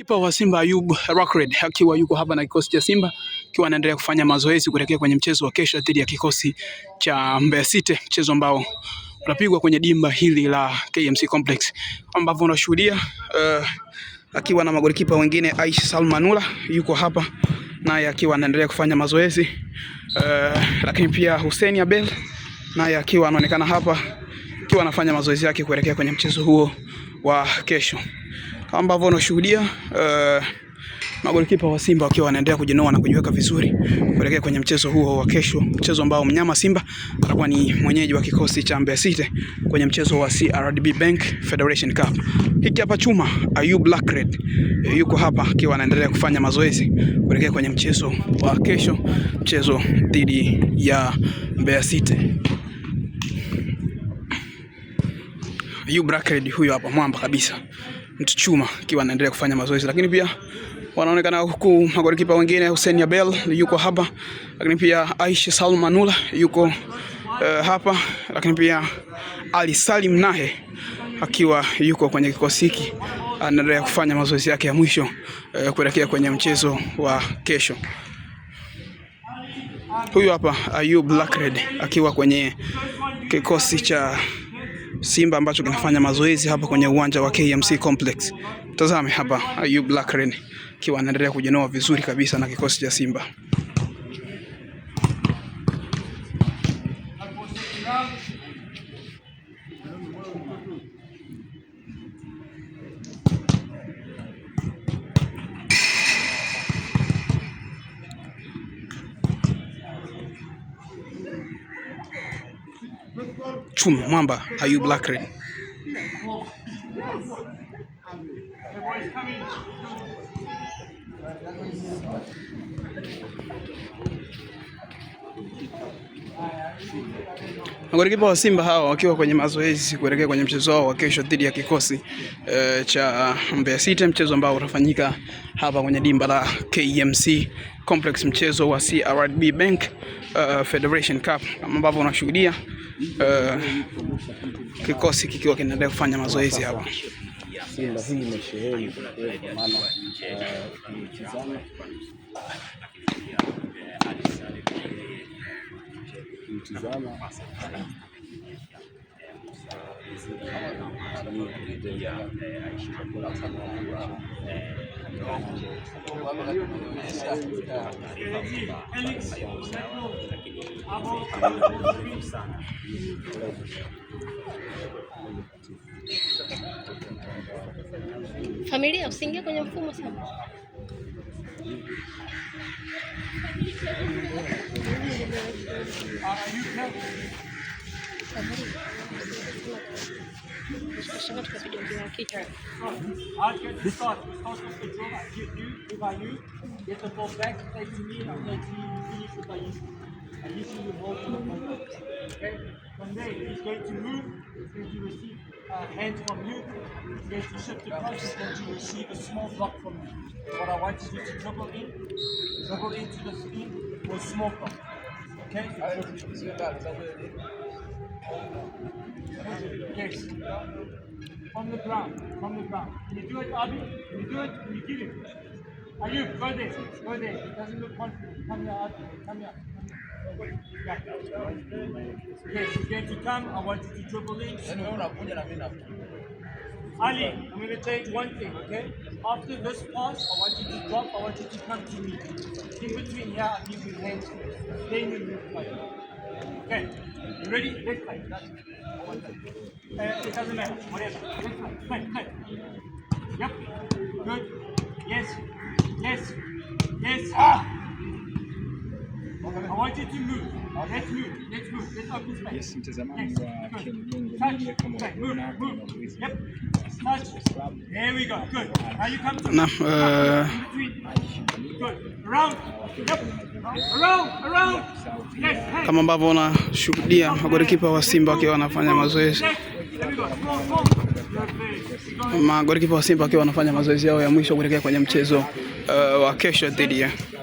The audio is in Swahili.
Kipa wa Simba Ayub Rockred akiwa yuko hapa na kikosi cha Simba akiwa anaendelea kufanya mazoezi kuelekea kwenye mchezo wa kesho dhidi ya kikosi cha Mbeya City, mchezo ambao unapigwa kwenye dimba hili la KMC Complex ambapo unashuhudia uh, akiwa na magolikipa wengine Aisha Salmanula yuko hapa naye akiwa anaendelea kufanya mazoezi uh, lakini pia Hussein Abel naye akiwa anaonekana hapa akiwa anafanya mazoezi yake kuelekea kwenye mchezo huo wa kesho kama ambavyo unashuhudia uh, eh, magolikipa wa Simba wakiwa wanaendelea kujinoa na kujiweka vizuri kuelekea kwenye mchezo huo wa kesho, mchezo ambao mnyama Simba atakuwa ni mwenyeji wa kikosi cha Mbeya City kwenye mchezo wa CRDB Bank Federation Cup. Hiki hapa chuma Ayub Lakred eh, yuko hapa akiwa anaendelea kufanya mazoezi kuelekea kwenye mchezo wa kesho, mchezo dhidi ya Mbeya City. Ayub Lakred huyo hapa mwamba kabisa. Mtuchuma akiwa anaendelea kufanya mazoezi, lakini pia wanaonekana huku magolikipa wengine Hussein Abel yuko hapa, lakini pia Aisha Salmanula yuko uh, hapa, lakini pia Ali Salim naye akiwa yuko kwenye kikosi hiki anaendelea kufanya mazoezi yake ya mwisho uh, kuelekea kwenye mchezo wa kesho. Huyu hapa Ayub Blackred akiwa kwenye kikosi cha Simba ambacho kinafanya mazoezi hapa kwenye uwanja wa KMC Complex. Tazame hapa Ayub Black akiwa anaendelea kujinoa vizuri kabisa na kikosi cha Simba. Chuma Mwamba Ayoub Lakran Magolikipa wa Simba hawa wakiwa kwenye mazoezi kuelekea kwenye mchezo wao wa kesho dhidi ya kikosi e, cha Mbeya City, mchezo ambao utafanyika hapa kwenye dimba la KMC Complex, mchezo wa CRDB Bank uh, Federation Cup ambapo unashuhudia uh, kikosi kikiwa kinaendelea kufanya mazoezi hapa. Simba hii imesheheni maana eh, familia usiingia kwenye mfumo sana. And you see you hold to the point. Okay? From there, he's going to move, he's going to receive a hand from you. He's going to shift across, he's going to receive a small block from you. What I want you to dribble in, dribble into the screen with small block. Okay? So Yes. From the ground, from the ground. You do it, Abi. You do it, you give it. you? go there, go there. It doesn't look confident. Come here, Abi. Come here. Back. Yes, you're going to come. I want you to dribble in. Ali, I'm going to tell you one thing, okay? After this pass, I want you to drop. I want you to come to me. In between here, I give you hands Then you move Okay, you ready? Next slide. Uh, it doesn't matter. Whatever. Next time. Slide, slide. Yep. Good. Yes. Yes. Yes. Ah. Yes, kama uh, kama ambavyo wanashuhudia magorikipa wa Simba wakiwa wanafanya mazoezi magorikipa wa Simba wakiwa wanafanya mazoezi yao ya mwisho kuelekea kwenye mchezo uh, wa kesho dhidi ya